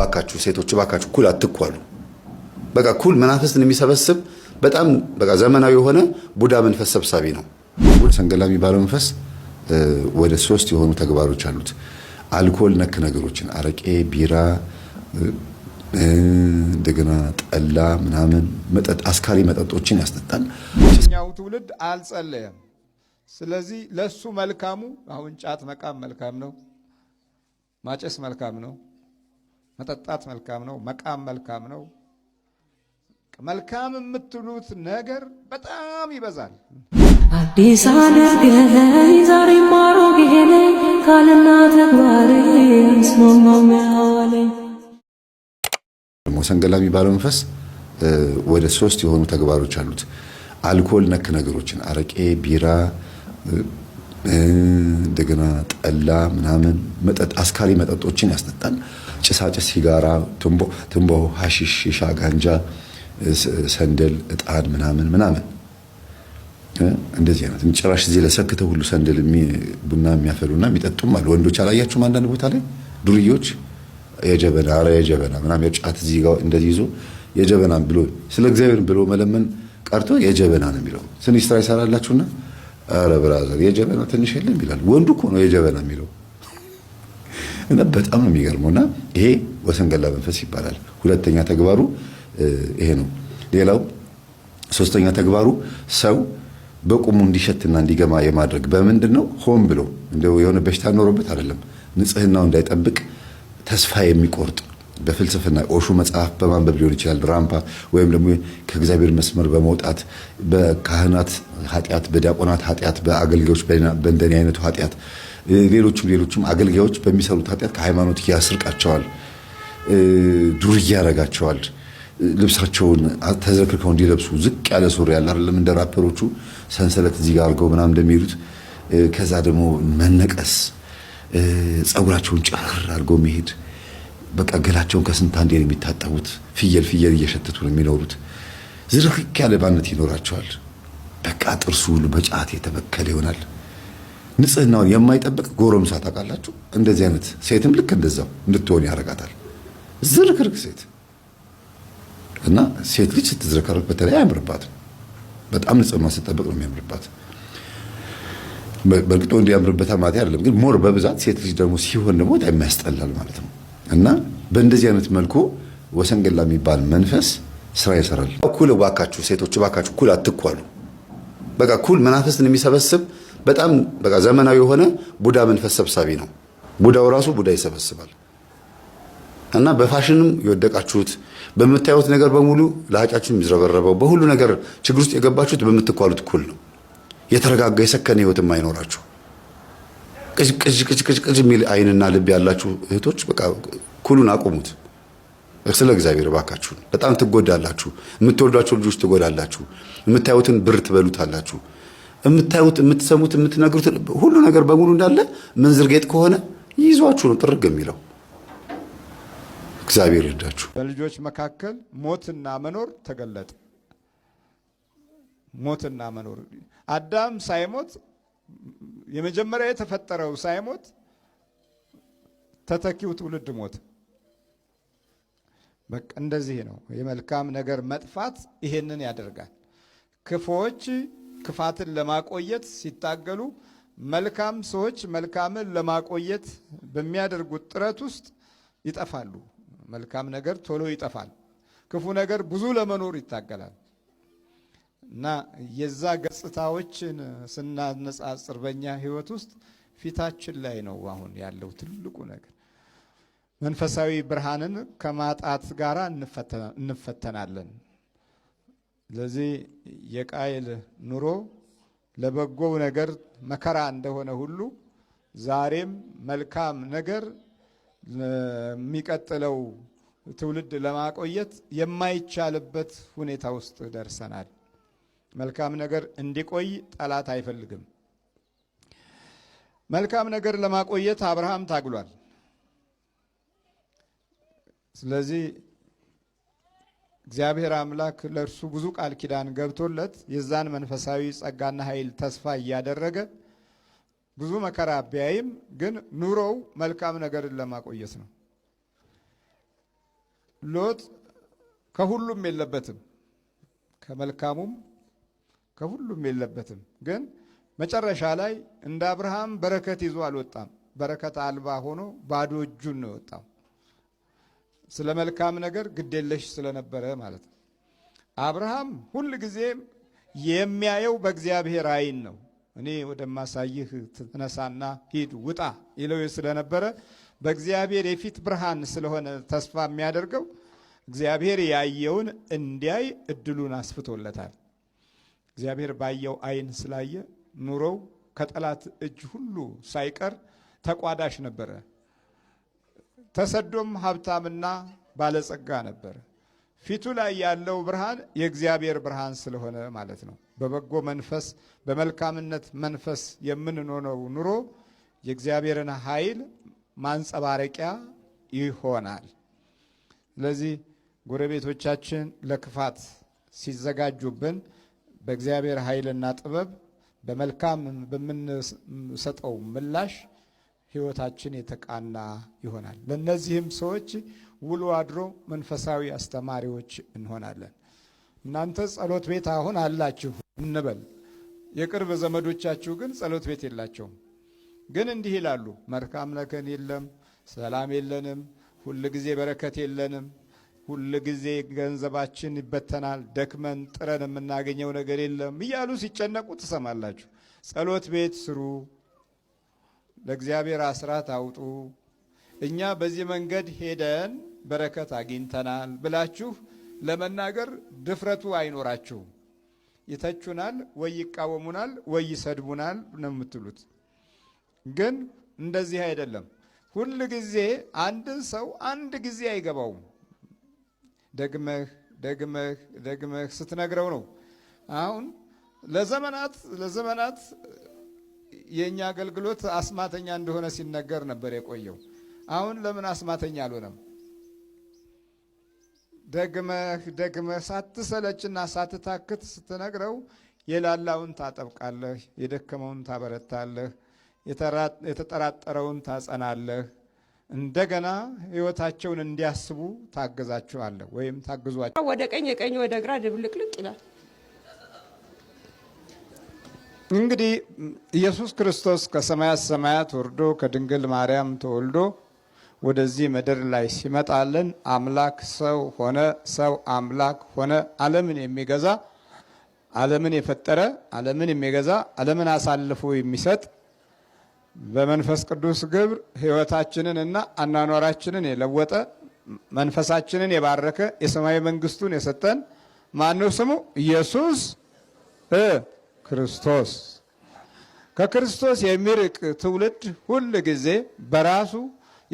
ባካችሁ ሴቶች ባካችሁ ኩል አትኳሉ። በቃ ኩል መናፍስትን የሚሰበስብ በጣም በቃ ዘመናዊ የሆነ ቡዳ መንፈስ ሰብሳቢ ነው። ሰንገላ የሚባለው መንፈስ ወደ ሶስት የሆኑ ተግባሮች አሉት። አልኮል ነክ ነገሮችን አረቄ፣ ቢራ፣ እንደገና ጠላ ምናምን መጠጥ፣ አስካሪ መጠጦችን ያስጠጣል። ኛው ትውልድ አልጸለየም። ስለዚህ ለሱ መልካሙ አሁን ጫት መቃም መልካም ነው፣ ማጨስ መልካም ነው። መጠጣት መልካም ነው፣ መቃም መልካም ነው። መልካም የምትሉት ነገር በጣም ይበዛል። አዲስ አድርገኝ ዛሬ ማሮጌ ነኝ ካልና ተግባር ስማማለኝ። ሰንገላ የሚባለው መንፈስ ወደ ሶስት የሆኑ ተግባሮች አሉት። አልኮል ነክ ነገሮችን አረቄ፣ ቢራ፣ እንደገና ጠላ ምናምን መጠጥ አስካሪ መጠጦችን ያስጠጣል። ጭሳጭስ፣ ሲጋራ፣ ትንቦ፣ ሀሺሽ፣ ሺሻ፣ ጋንጃ፣ ሰንደል፣ እጣን ምናምን ምናምን እንደዚህ አይነት ጭራሽ እዚህ ለሰክተው ሁሉ ሰንደል ቡና የሚያፈሉና የሚጠጡም አሉ። ወንዶች አላያችሁም? አንዳንድ ቦታ ላይ ዱርዮች የጀበና አረ የጀበና ምናምን የጫት እዚህ ጋር እንደዚህ ይዞ የጀበና ብሎ ስለ እግዚአብሔር ብሎ መለመን ቀርቶ የጀበና ነው የሚለው። ስንት ይሰራላችሁና አረ ብራዘር የጀበና ትንሽ የለም ይላል። ወንዱ እኮ ነው የጀበና የሚለው። እና በጣም ነው የሚገርመው። እና ይሄ ወሰንገላ መንፈስ ይባላል። ሁለተኛ ተግባሩ ይሄ ነው። ሌላው ሶስተኛ ተግባሩ ሰው በቁሙ እንዲሸትና እንዲገማ የማድረግ በምንድን ነው? ሆን ብሎ እንደው የሆነ በሽታ ኖሮበት አይደለም። ንጽህናው እንዳይጠብቅ ተስፋ የሚቆርጥ በፍልስፍና ኦሹ መጽሐፍ በማንበብ ሊሆን ይችላል። ራምፓ ወይም ደግሞ ከእግዚአብሔር መስመር በመውጣት በካህናት ኃጢአት፣ በዲያቆናት ኃጢአት፣ በአገልጋዮች በእንደኔ አይነቱ ኃጢአት ሌሎችም ሌሎችም አገልጋዮች በሚሰሩት ኃጢአት ከሃይማኖት ያስርቃቸዋል፣ ዱር ያረጋቸዋል። ልብሳቸውን ተዘርክርከው እንዲለብሱ ዝቅ ያለ ሱሪ ያለ አይደለም እንደ ራፐሮቹ ሰንሰለት እዚህ ጋር አድርገው ምናምን እንደሚሄዱት ከዛ ደግሞ መነቀስ፣ ጸጉራቸውን ጭር አድርገው መሄድ በቃ ገላቸውን ከስንት አንዴ ነው የሚታጠቡት። ፍየል ፍየል እየሸተቱ ነው የሚኖሩት። ዝርክክ ያለ ባነት ይኖራቸዋል። በቃ ጥርሱ ሁሉ በጫት የተበከለ ይሆናል። ንጽህናውን የማይጠብቅ ጎረምሳ ታውቃላችሁ። እንደዚህ አይነት ሴትም ልክ እንደዛው እንድትሆን ያደርጋታል። ዝርክርክ ሴት እና ሴት ልጅ ስትዝረከርክ በተለይ አያምርባትም። በጣም ንጽህና ስትጠብቅ ነው የሚያምርባት። በእርግጥ ወንድ ያምርበታል ማለት አይደለም፣ ግን ሞር በብዛት ሴት ልጅ ደግሞ ሲሆን ደግሞ በጣም ያስጠላል ማለት ነው። እና በእንደዚህ አይነት መልኩ ወሰንገላ የሚባል መንፈስ ስራ ይሰራል። ኩል እባካችሁ፣ ሴቶች እባካችሁ ኩል አትኳሉ። በቃ ኩል መናፈስን የሚሰበስብ በጣም በቃ ዘመናዊ የሆነ ቡዳ መንፈስ ሰብሳቢ ነው። ቡዳው ራሱ ቡዳ ይሰበስባል። እና በፋሽንም የወደቃችሁት በምታዩት ነገር በሙሉ ለሀጫችሁ የሚዝረበረበው በሁሉ ነገር ችግር ውስጥ የገባችሁት በምትኳሉት ኩል ነው። የተረጋጋ የሰከነ ህይወትም አይኖራችሁ። ቅጭቅጭቅጭቅጭ የሚል አይንና ልብ ያላችሁ እህቶች በቃ ኩሉን አቁሙት። ስለ እግዚአብሔር እባካችሁ፣ በጣም ትጎዳላችሁ። የምትወልዷቸው ልጆች ትጎዳላችሁ። የምታዩትን ብር ትበሉታላችሁ። የምታዩት የምትሰሙት የምትነግሩት ሁሉ ነገር በሙሉ እንዳለ ምንዝር ጌጥ ከሆነ ይዟችሁ ነው ጥርግ የሚለው። እግዚአብሔር ይርዳችሁ። በልጆች መካከል ሞትና መኖር ተገለጠ። ሞትና መኖር አዳም ሳይሞት የመጀመሪያ የተፈጠረው ሳይሞት ተተኪው ትውልድ ሞት። በቃ እንደዚህ ነው። የመልካም ነገር መጥፋት ይሄንን ያደርጋል ክፎች ክፋትን ለማቆየት ሲታገሉ መልካም ሰዎች መልካምን ለማቆየት በሚያደርጉት ጥረት ውስጥ ይጠፋሉ። መልካም ነገር ቶሎ ይጠፋል። ክፉ ነገር ብዙ ለመኖር ይታገላል እና የዛ ገጽታዎችን ስናነጻጽር በእኛ ህይወት ውስጥ ፊታችን ላይ ነው አሁን ያለው ትልቁ ነገር። መንፈሳዊ ብርሃንን ከማጣት ጋር እንፈተናለን። ስለዚህ የቃይል ኑሮ ለበጎው ነገር መከራ እንደሆነ ሁሉ ዛሬም መልካም ነገር የሚቀጥለው ትውልድ ለማቆየት የማይቻልበት ሁኔታ ውስጥ ደርሰናል። መልካም ነገር እንዲቆይ ጠላት አይፈልግም። መልካም ነገር ለማቆየት አብርሃም ታግሏል። ስለዚህ እግዚአብሔር አምላክ ለእርሱ ብዙ ቃል ኪዳን ገብቶለት የዛን መንፈሳዊ ጸጋና ኃይል ተስፋ እያደረገ ብዙ መከራ ቢያይም ግን ኑሮው መልካም ነገርን ለማቆየት ነው። ሎጥ ከሁሉም የለበትም፣ ከመልካሙም ከሁሉም የለበትም። ግን መጨረሻ ላይ እንደ አብርሃም በረከት ይዞ አልወጣም። በረከት አልባ ሆኖ ባዶ እጁን ነው የወጣው። ስለ መልካም ነገር ግዴለሽ ስለነበረ ማለት ነው። አብርሃም ሁል ጊዜ የሚያየው በእግዚአብሔር አይን ነው። እኔ ወደማሳይህ ትነሳና ሂድ ውጣ ይለው ስለነበረ በእግዚአብሔር የፊት ብርሃን ስለሆነ ተስፋ የሚያደርገው እግዚአብሔር ያየውን እንዲያይ እድሉን አስፍቶለታል። እግዚአብሔር ባየው አይን ስላየ ኑሮው ከጠላት እጅ ሁሉ ሳይቀር ተቋዳሽ ነበረ። ተሰዶም ሀብታምና ባለጸጋ ነበር። ፊቱ ላይ ያለው ብርሃን የእግዚአብሔር ብርሃን ስለሆነ ማለት ነው። በበጎ መንፈስ በመልካምነት መንፈስ የምንኖረው ኑሮ የእግዚአብሔርን ኃይል ማንጸባረቂያ ይሆናል። ስለዚህ ጎረቤቶቻችን ለክፋት ሲዘጋጁብን በእግዚአብሔር ኃይልና ጥበብ በመልካም በምንሰጠው ምላሽ ህይወታችን የተቃና ይሆናል። ለእነዚህም ሰዎች ውሎ አድሮ መንፈሳዊ አስተማሪዎች እንሆናለን። እናንተ ጸሎት ቤት አሁን አላችሁ እንበል። የቅርብ ዘመዶቻችሁ ግን ጸሎት ቤት የላቸውም። ግን እንዲህ ይላሉ፣ መልካም ለከን የለም፣ ሰላም የለንም፣ ሁል ጊዜ በረከት የለንም፣ ሁል ጊዜ ገንዘባችን ይበተናል፣ ደክመን ጥረን የምናገኘው ነገር የለም እያሉ ሲጨነቁ ትሰማላችሁ። ጸሎት ቤት ስሩ ለእግዚአብሔር አስራት አውጡ፣ እኛ በዚህ መንገድ ሄደን በረከት አግኝተናል ብላችሁ ለመናገር ድፍረቱ አይኖራችሁም። ይተቹናል፣ ወይ ይቃወሙናል፣ ወይ ይሰድቡናል ነው የምትሉት። ግን እንደዚህ አይደለም። ሁል ጊዜ አንድን ሰው አንድ ጊዜ አይገባውም። ደግመህ ደግመህ ደግመህ ስትነግረው ነው። አሁን ለዘመናት ለዘመናት የእኛ አገልግሎት አስማተኛ እንደሆነ ሲነገር ነበር የቆየው። አሁን ለምን አስማተኛ አልሆነም? ደግመህ ደግመህ ሳትሰለችና ሳትታክት ስትነግረው የላላውን ታጠብቃለህ፣ የደከመውን ታበረታለህ፣ የተጠራጠረውን ታጸናለህ። እንደገና ህይወታቸውን እንዲያስቡ ታግዛችኋለህ ወይም ታግዟቸው። ወደ ቀኝ የቀኝ ወደ ግራ ድብልቅልቅ ይላል። እንግዲህ ኢየሱስ ክርስቶስ ከሰማያት ሰማያት ወርዶ ከድንግል ማርያም ተወልዶ ወደዚህ ምድር ላይ ሲመጣልን አምላክ ሰው ሆነ፣ ሰው አምላክ ሆነ። ዓለምን የሚገዛ ዓለምን የፈጠረ ዓለምን የሚገዛ ዓለምን አሳልፎ የሚሰጥ በመንፈስ ቅዱስ ግብር ሕይወታችንን እና አኗኗራችንን የለወጠ መንፈሳችንን የባረከ የሰማያዊ መንግስቱን የሰጠን ማነው? ስሙ ኢየሱስ ክርስቶስ። ከክርስቶስ የሚርቅ ትውልድ ሁል ጊዜ በራሱ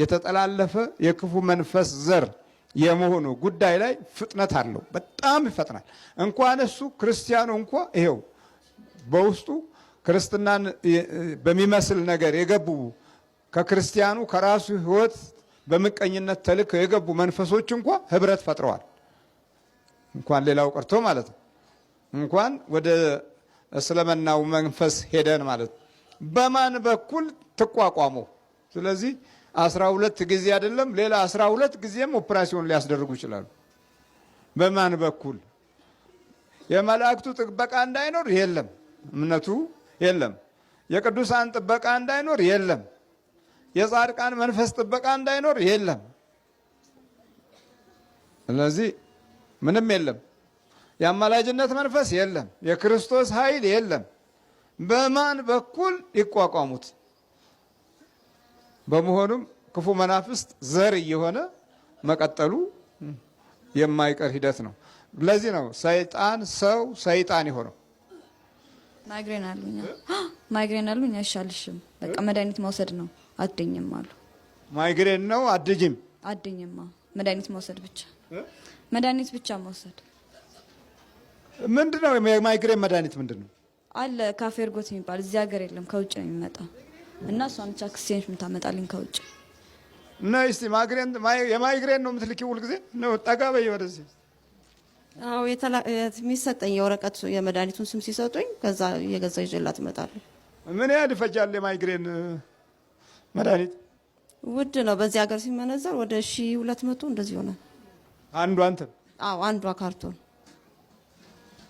የተጠላለፈ የክፉ መንፈስ ዘር የመሆኑ ጉዳይ ላይ ፍጥነት አለው። በጣም ይፈጥናል። እንኳን እሱ ክርስቲያኑ እንኳ ይሄው በውስጡ ክርስትናን በሚመስል ነገር የገቡ ከክርስቲያኑ ከራሱ ሕይወት በምቀኝነት ተልከው የገቡ መንፈሶች እንኳ ህብረት ፈጥረዋል። እንኳን ሌላው ቀርቶ ማለት ነው እንኳን ወደ እስልምናው መንፈስ ሄደን ማለት በማን በኩል ትቋቋሙ። ስለዚህ አስራ ሁለት ጊዜ አይደለም ሌላ አስራ ሁለት ጊዜም ኦፕራሲዮን ሊያስደርጉ ይችላሉ። በማን በኩል የመላእክቱ ጥበቃ እንዳይኖር የለም፣ እምነቱ የለም። የቅዱሳን ጥበቃ እንዳይኖር የለም። የጻድቃን መንፈስ ጥበቃ እንዳይኖር የለም። ስለዚህ ምንም የለም። የአማላጅነት መንፈስ የለም። የክርስቶስ ኃይል የለም። በማን በኩል ይቋቋሙት? በመሆኑም ክፉ መናፍስት ዘር እየሆነ መቀጠሉ የማይቀር ሂደት ነው። ለዚህ ነው ሰይጣን ሰው ሰይጣን የሆነው። ማይግሬን አሉኝ ማይግሬን አሉኝ አይሻልሽም፣ በቃ መድኃኒት መውሰድ ነው አድኝም አሉ። ማይግሬን ነው አድጅም አድኝማ፣ መድኃኒት መውሰድ ብቻ መድኃኒት ብቻ መውሰድ ምንድን ነው የማይግሬን መድኃኒት ምንድን ነው አለ? ካፌ እርጎት የሚባል እዚህ ሀገር የለም፣ ከውጭ ነው የሚመጣው እና እሷን ብቻ ክስቴንሽ የምታመጣልኝ ከውጭ ነው። እስቲ የማይግሬን ነው የምትልኪው ሁልጊዜ ነው? ጠጋ በይ ወደዚህ። አዎ የሚሰጠኝ የወረቀት የመድኃኒቱን ስም ሲሰጡኝ ከዛ እየገዛ ይዤላት እመጣለሁ። ምን ያህል ይፈጃል የማይግሬን መድኃኒት? ውድ ነው በዚህ ሀገር ሲመነዘር ወደ ሺህ ሁለት መቶ እንደዚህ ይሆናል አንዷ። አንተ? አዎ አንዷ ካርቶን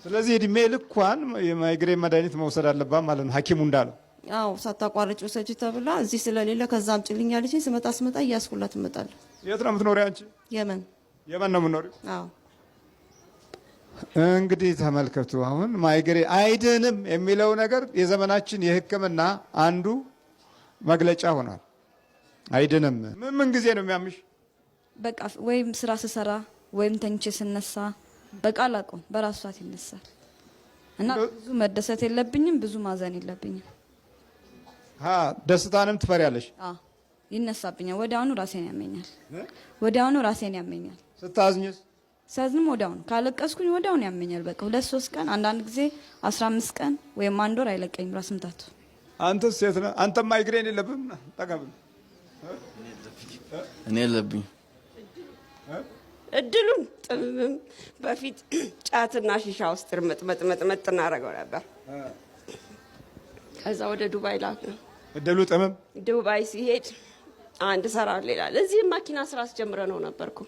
ስለዚህ እድሜ ልኳን የማይግሬን መድኃኒት መውሰድ አለባት ማለት ነው ሀኪሙ እንዳለው። አዎ ሳታቋርጭ ውሰጅ ተብላ እዚህ ስለሌለ ከዛ ጭልኛ ልጅ ስመጣ ስመጣ እያስኩላት እመጣለሁ። የት ነው የምትኖሪ አንቺ? የመን የመን ነው የምትኖሪው? እንግዲህ ተመልከቱ አሁን ማይግሬ አይድንም የሚለው ነገር የዘመናችን የህክምና አንዱ መግለጫ ሆኗል። አይድንም። ምን ምን ጊዜ ነው የሚያምሽ? በቃ ወይም ስራ ስሰራ ወይም ተኝቼ ስነሳ በቃል አቆም በራሱ ሰዓት ይነሳል እና ብዙ መደሰት የለብኝም ብዙ ማዘን የለብኝም። ደስታንም ትፈሪያለሽ? ይነሳብኛል። ወዲያውኑ ራሴን ያመኛል። ወዲያውኑ ራሴን ያመኛል። ስታዝኝስ? ሳዝንም ወዲያውኑ ካለቀስኩኝ ወዲያውኑ ያመኛል። በቃ ሁለት ሶስት ቀን አንዳንድ ጊዜ አስራ አምስት ቀን ወይም አንድ ወር አይለቀኝም ራስ ምታቱ። ሴት ነህ አንተ ማይግሬን የለብህም? ጠቀብ እኔ የለብኝ እድሉን ጥብብም በፊት ጫትና ሺሻ ውስጥ እርምጥመጥመጥመጥ እናደርገው ነበር። ከዛ ወደ ዱባይ ላክ ነው እድሉ ጥምም። ዱባይ ሲሄድ አንድ ሰራ ይላል። እዚህ ማኪና ስራ አስጀምረ ነው ነበርኩ።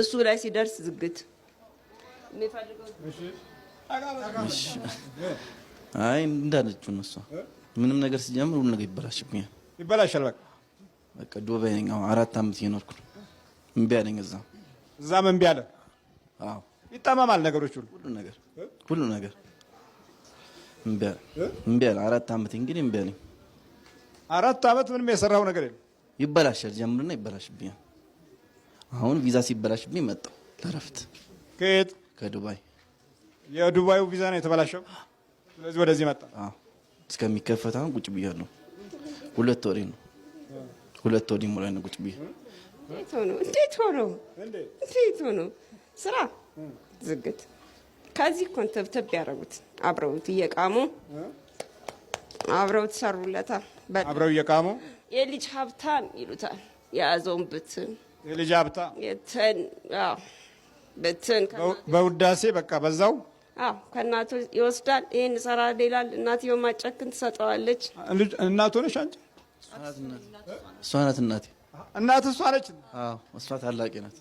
እሱ ላይ ሲደርስ ዝግት አይ እንዳለችው እሷ ምንም ነገር ሲጀምር ሁሉ ነገር ይበላሽብኛል፣ ይበላሻል። በቃ በቃ ዱባይ ነኝ አሁን አራት አመት የኖርኩ እምቢ አለኝ እዛ እዛ እምቢ አለ። አዎ ነገሮች ሁሉ ሁሉ ነገር ሁሉ ነገር እምቢ አለ አራት ዓመት እንግዲህ እምቢ አራት ዓመት ምንም የሰራው ነገር የለም። ይበላሻል ጀምርና ይበላሽብኛል። አሁን ቪዛ ሲበላሽብኝ መጣሁ ለረፍት ከየት ከዱባይ። የዱባዩ ቪዛ ነው የተበላሸው። ስለዚህ ወደዚህ መጣ። እስከሚከፈት አሁን ቁጭ ብያለሁ። ሁለት ወሬ ነው ሁለት ወዲህ ሙላ ነው ቁጭ ብያ እንዴት ሆኖ እንዴት ሆኖ እንዴት ሆኖ ስራ ዝግት ከዚህ እኮ ተብተብ ያደረጉት አብረውት እየቃሙ አብረው ትሰሩለታል። አብረው እየቃሙ የልጅ ሀብታም ይሉታል። የያዘውን ብትን የልጅ ሀብታ የትን ብትን በውዳሴ በቃ በዛው ከእናቱ ይወስዳል። ይህን ሰራ ይላል። እናትየው ማጨክን ትሰጠዋለች። እናቱ ነሽ አንቺ? እሷ ናት እናቴ እናት እሷ ነች። እሷ ታላቅ ናት።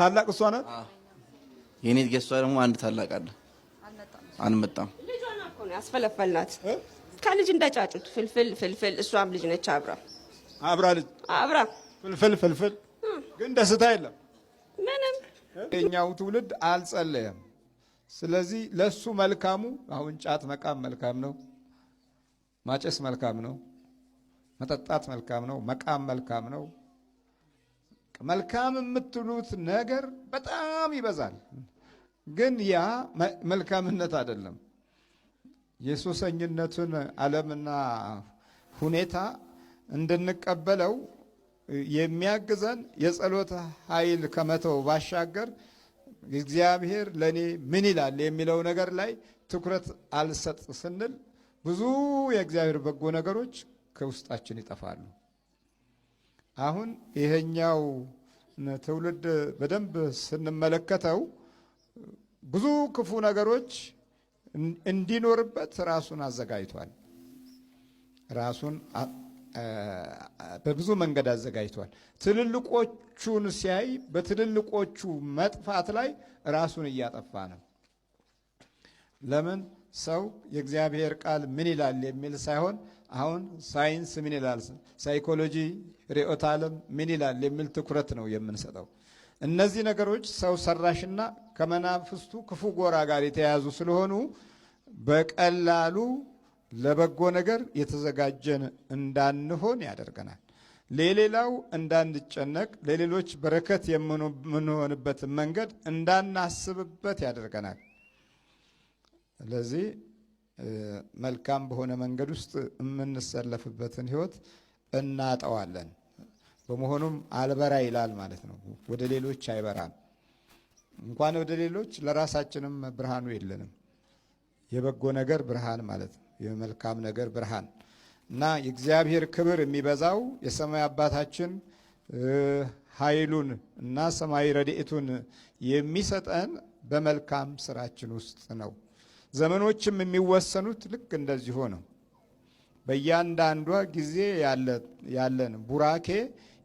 ታላቅ እሷ ናት። የኔት ጌሷ ደግሞ አንድ ታላቅ አለ። አንመጣም ያስፈለፈልናት ከልጅ እንዳጫጩት ፍልፍል ፍልፍል። እሷም ልጅ ነች። አብራ አብራ ልጅ አብራ ፍልፍል ፍልፍል። ግን ደስታ የለም ምንም። የኛው ትውልድ አልጸለየም። ስለዚህ ለሱ መልካሙ አሁን ጫት መቃም መልካም ነው፣ ማጨስ መልካም ነው። መጠጣት መልካም ነው፣ መቃም መልካም ነው። መልካም የምትሉት ነገር በጣም ይበዛል። ግን ያ መልካምነት አይደለም። የሱሰኝነቱን ዓለምና ሁኔታ እንድንቀበለው የሚያግዘን የጸሎት ኃይል ከመተው ባሻገር እግዚአብሔር ለእኔ ምን ይላል የሚለው ነገር ላይ ትኩረት አልሰጥ ስንል ብዙ የእግዚአብሔር በጎ ነገሮች ከውስጣችን ይጠፋሉ። አሁን ይሄኛው ትውልድ በደንብ ስንመለከተው ብዙ ክፉ ነገሮች እንዲኖርበት ራሱን አዘጋጅቷል። ራሱን በብዙ መንገድ አዘጋጅቷል። ትልልቆቹን ሲያይ በትልልቆቹ መጥፋት ላይ ራሱን እያጠፋ ነው። ለምን ሰው የእግዚአብሔር ቃል ምን ይላል የሚል ሳይሆን አሁን ሳይንስ ምን ይላል፣ ሳይኮሎጂ፣ ርዕዮተ ዓለም ምን ይላል የሚል ትኩረት ነው የምንሰጠው። እነዚህ ነገሮች ሰው ሰራሽና ከመናፍስቱ ክፉ ጎራ ጋር የተያያዙ ስለሆኑ በቀላሉ ለበጎ ነገር የተዘጋጀን እንዳንሆን ያደርገናል። ለሌላው እንዳንጨነቅ፣ ለሌሎች በረከት የምንሆንበትን መንገድ እንዳናስብበት ያደርገናል። ስለዚህ መልካም በሆነ መንገድ ውስጥ የምንሰለፍበትን ህይወት እናጠዋለን። በመሆኑም አልበራ ይላል ማለት ነው። ወደ ሌሎች አይበራም። እንኳን ወደ ሌሎች ለራሳችንም ብርሃኑ የለንም። የበጎ ነገር ብርሃን ማለት ነው። የመልካም ነገር ብርሃን እና የእግዚአብሔር ክብር የሚበዛው የሰማይ አባታችን ኃይሉን እና ሰማይ ረድኤቱን የሚሰጠን በመልካም ስራችን ውስጥ ነው። ዘመኖችም የሚወሰኑት ልክ እንደዚሁ ነው። በእያንዳንዷ ጊዜ ያለን ቡራኬ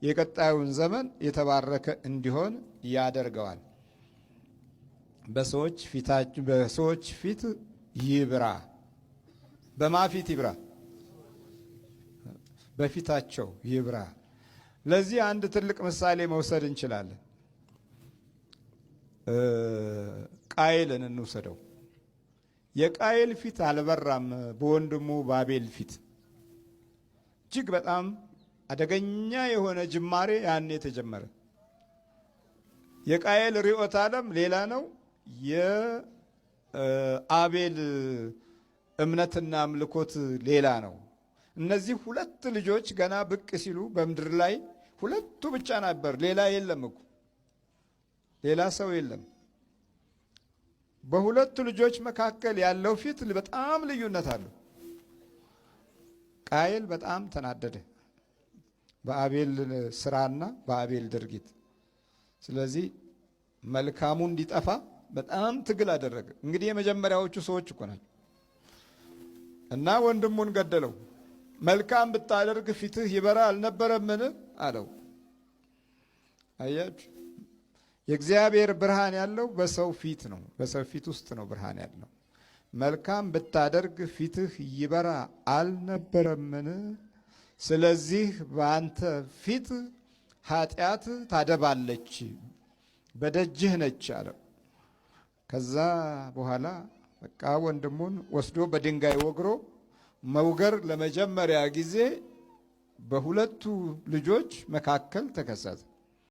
የቀጣዩን ዘመን የተባረከ እንዲሆን ያደርገዋል። በሰዎች ፊት ይብራ። በማ ፊት ይብራ? በፊታቸው ይብራ። ለዚህ አንድ ትልቅ ምሳሌ መውሰድ እንችላለን። ቃይልን እንውሰደው። የቃየል ፊት አልበራም በወንድሙ ባቤል ፊት። እጅግ በጣም አደገኛ የሆነ ጅማሬ ያኔ ተጀመረ። የቃየል ርዕዮተ ዓለም ሌላ ነው። የአቤል እምነትና አምልኮት ሌላ ነው። እነዚህ ሁለት ልጆች ገና ብቅ ሲሉ በምድር ላይ ሁለቱ ብቻ ነበር። ሌላ የለም እኮ ሌላ ሰው የለም። በሁለቱ ልጆች መካከል ያለው ፊት በጣም ልዩነት አለው። ቃየል በጣም ተናደደ በአቤል ስራና በአቤል ድርጊት። ስለዚህ መልካሙ እንዲጠፋ በጣም ትግል አደረገ። እንግዲህ የመጀመሪያዎቹ ሰዎች እኮ ናቸው እና ወንድሙን ገደለው። መልካም ብታደርግ ፊትህ ይበራ አልነበረምን? አለው። አያችሁ የእግዚአብሔር ብርሃን ያለው በሰው ፊት ነው። በሰው ፊት ውስጥ ነው ብርሃን ያለው። መልካም ብታደርግ ፊትህ ይበራ አልነበረምን? ስለዚህ በአንተ ፊት ኃጢአት ታደባለች፣ በደጅህ ነች አለው። ከዛ በኋላ በቃ ወንድሙን ወስዶ በድንጋይ ወግሮ መውገር ለመጀመሪያ ጊዜ በሁለቱ ልጆች መካከል ተከሰተ።